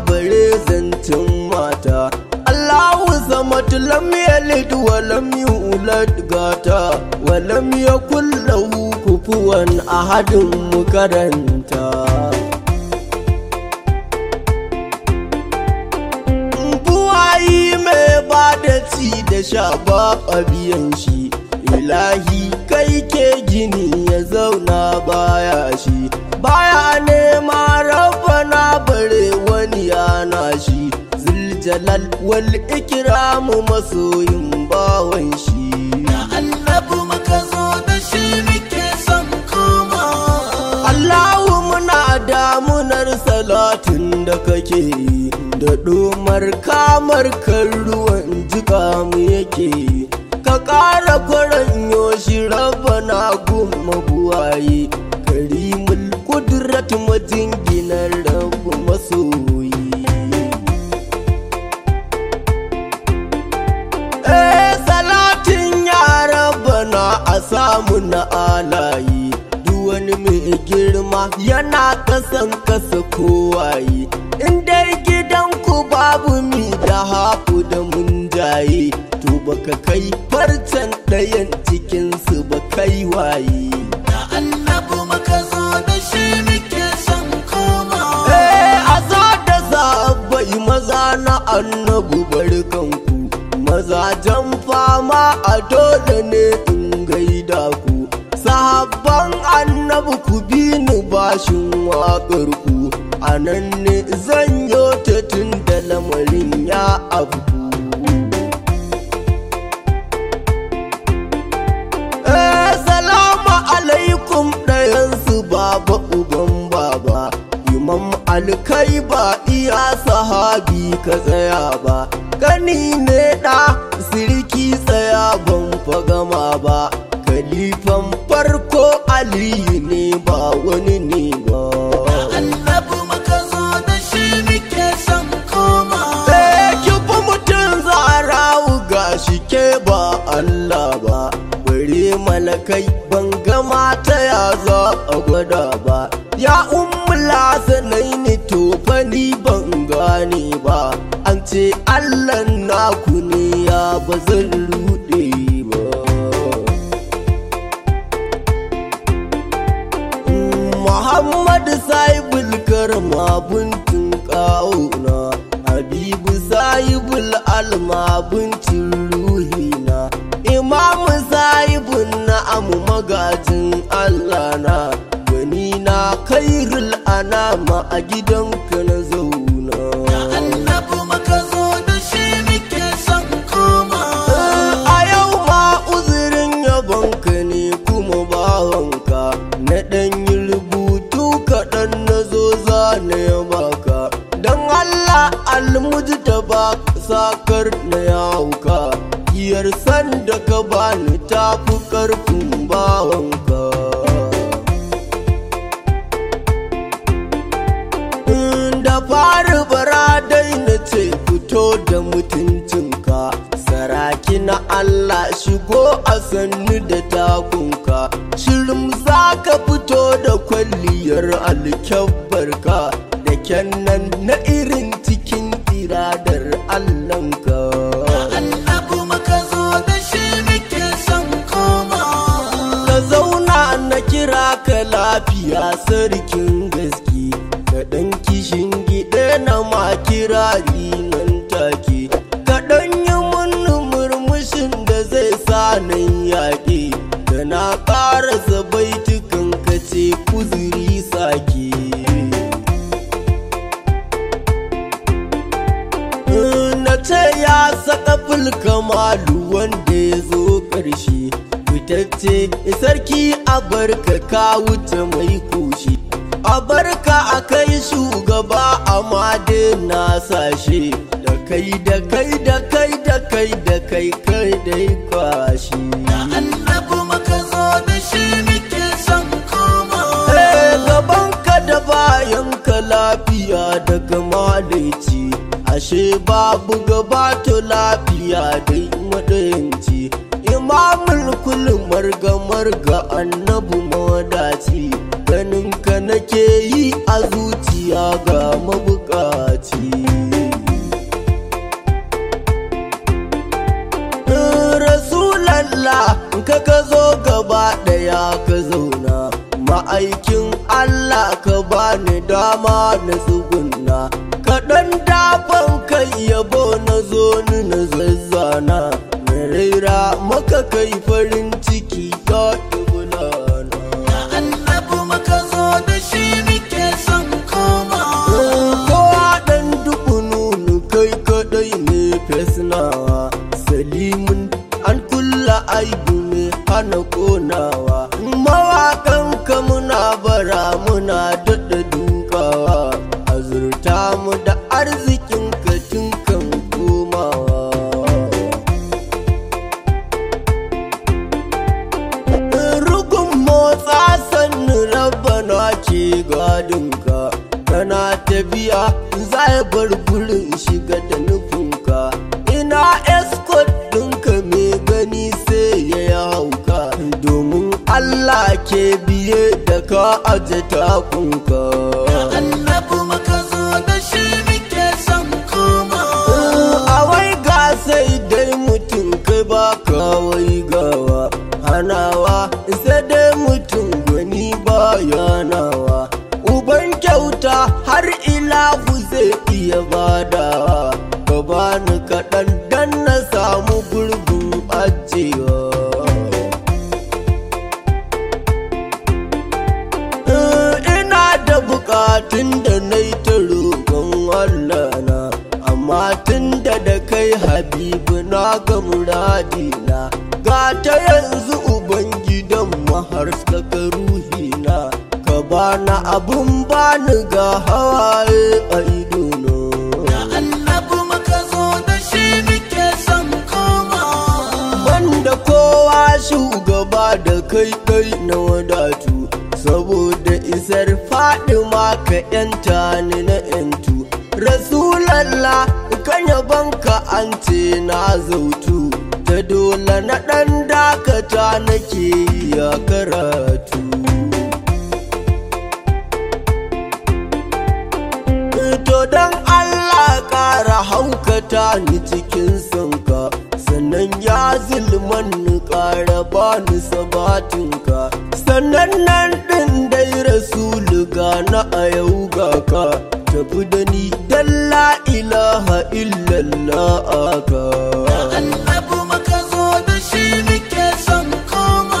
bare zantin mata Allahu tulam lam yalid wa lam yulad gata wa lam yakul lahu kufuwan ahadin mukaranta Buwayi mai bada ci da sha ba biyan shi ilahi kai ke gini ya zauna baya shi baya nema na bare jalal wal ikramu masoyin bawan shi muna damunar salatin da kake da ɗumar kamar kan ruwan jika mu yake ka ƙara kwaranyo shi rabana gumma buwaye karimul kudrat majinginar rabu na alayi duk wani mai girma yana kasan kasa kowaye in dai gidan ku babu mi da hafu da mun jaye to baka kai farcen ɗayan cikinsu su ba kai waye annabu zo eh zabai maza na annabu barkanku mazajen fama a dole ne babu ku bi ni bashin waƙar ku a nan ne zan yi ta tun da lamarin ya abu eh, Salamu alaikum su baba uban baba imam alkai ba iya sahabi ka tsaya ba gani ne ɗa siriki tsaya ban fagama ba gwada ba ya umla sanai ni to fani ban gane ba an ce allah naku ne ya ba zan rude ba muhammad sahibul karma buntun kawuna habibu bul alma buntun ruhina imamu na amu magajin allah na khairul anama a gidanka na zauna da annabu maka zo da shi muke son koma a yau ma uzurin yabonka ne kuma bawanka na dan yi rubutu kaɗan na zo zane ya baka don Allah almuji ta ba sakar na yawuka iyar sanda ka bani tafi karfin bawanka na Allah shigo a sannu da takunka shirin za ka fito da kwalliyar alkyabarka da kyannan na irin cikin iradar Allahnka kira ka lafiya sarkin gaske ka ɗan kishin gida na ma ka ƙara zabaitukan ka ce kuzuri sake na ce ya saka Fulkamalu wanda ya zo ƙarshe fitacce sarki abarka ka wuce mai koshi abarka a kai shugaba amma dai na sashe da kai da kai da kai da kai da kai kai dai kwashi yanka lafiya daga malici ashe babu gabato lafiya da madayanci imamul kulin marga marga annabu madaci ganin ka nake yi a zuciya ga mabukaci rasulallah ka ka zo gaba daya ka zauna ma'aiki dama na tsugunna kaɗan dafan kai yabo na zo ni na zazzana na raira maka kai farin ciki ta ji takunka annabu maka zo da shi muke son kuma a ga sai dai mutum kai ba ka waigawa hanawa sai dai mutum gani ba yanawa uban kyauta har ilahu zai iya badawa bukatun da na yi ta roƙon Allah na amma tun da da kai habibu na ga muradina ga ta yanzu ubangidan maharsaka ruhina ka ba abin abun ni ga hawaye a ido kowa shugaba da kai kai na wadatu isar faɗi maka yanta ni na yantu rasulallah kan banka an ce na zautu ta dole na ɗan dakata nake ya karatu to don Allah ƙara haukata ni cikin sanka sannan ya zulman ni ƙara bani sabatinka sannan nan na a yau ga ka tafi da ni dan la ilaha illallah aka annabu maka zo da shi muke son koma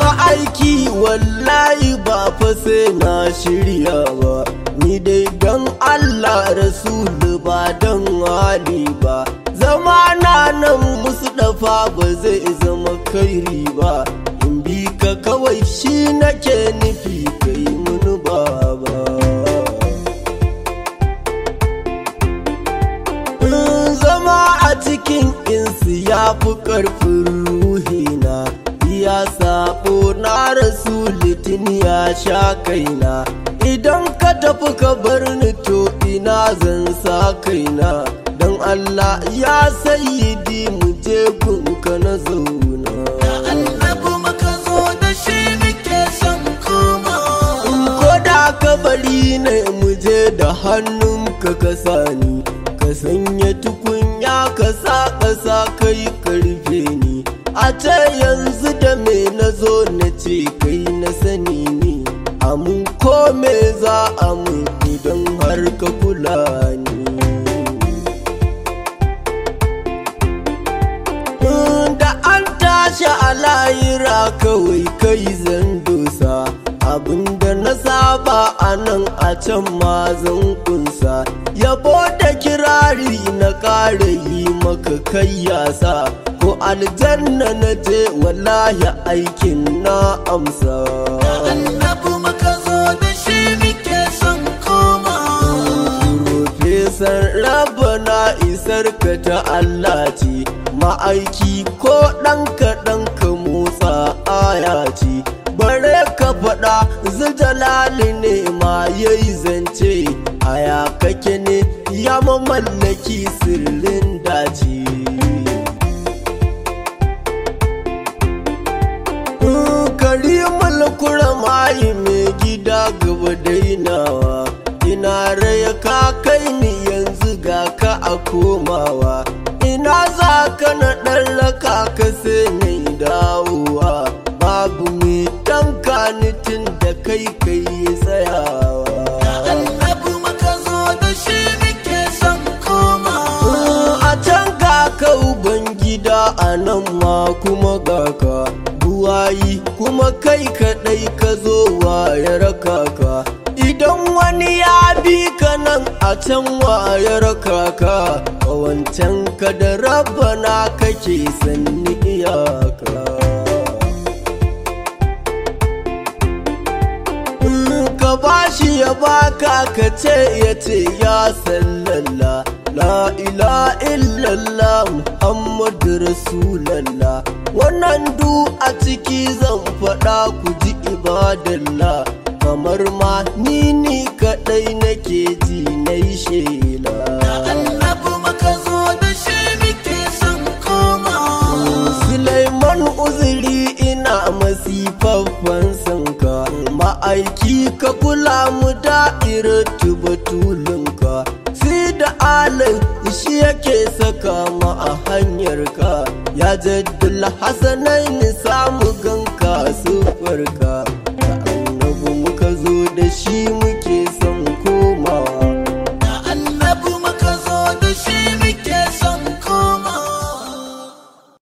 ma'aiki wallahi ba fa sai na shirya ba ni dai dan Allah rasul ba dan hali ba Zamana nan musu dafa ba zai zama kairi ba in bi ka kawai shi nake ni kaina idan ka tafi ka bar ni to ina zan sa kaina don Allah ya sayyidi mu je gunka na zauna zo ne mu da hannun ka kasa sani ka sanya tukunya ka sa ƙasa kai karfe ni a ce ko me za a mutu idan har ka kula ni da an tashi a layira kawai kai zan abin abinda na saba a nan a can ma zan kunsa yabo da kirari na ƙara yi maka kai yasa ko aljanna na je wallahi aikin na amsa isar na isar ka ta Allah ce ma'aiki ko ɗan kaɗan ka motsa aya ce bare ka faɗa zijalali ne ma yayi zance aya kake ne ya mamallaki sirrin daji karimul kuramayi mai gida gaba dainawa ina raya ka kai ni yanzu ga ka a komawa ina za ka na ɗallaka ka sai ni dawowa babu mai tanka ni tun da kai kai tsayawa Ubangida a nan ma kuma gaka buwayi kuma kai kaɗai ka zo wa ya bi ka nan a can wayar kaka a wancan ka da rabana kake sanni iyaka ka bashi ya baka ka ce ya ce ya sallalla la ila illallah muhammadu rasulallah wannan du a ciki zan faɗa ku ji ibadallah kamar ma ni ni kaɗai nake ji na yi shela maka zo da shi muke son koma Sulaiman uzuri ina masifaffan sanka ma'aiki ka kula mu da'irar tubatulinka sai da alai shi yake saka ma a hanyarka ya jaddula hasanai ni samu ganka sufarka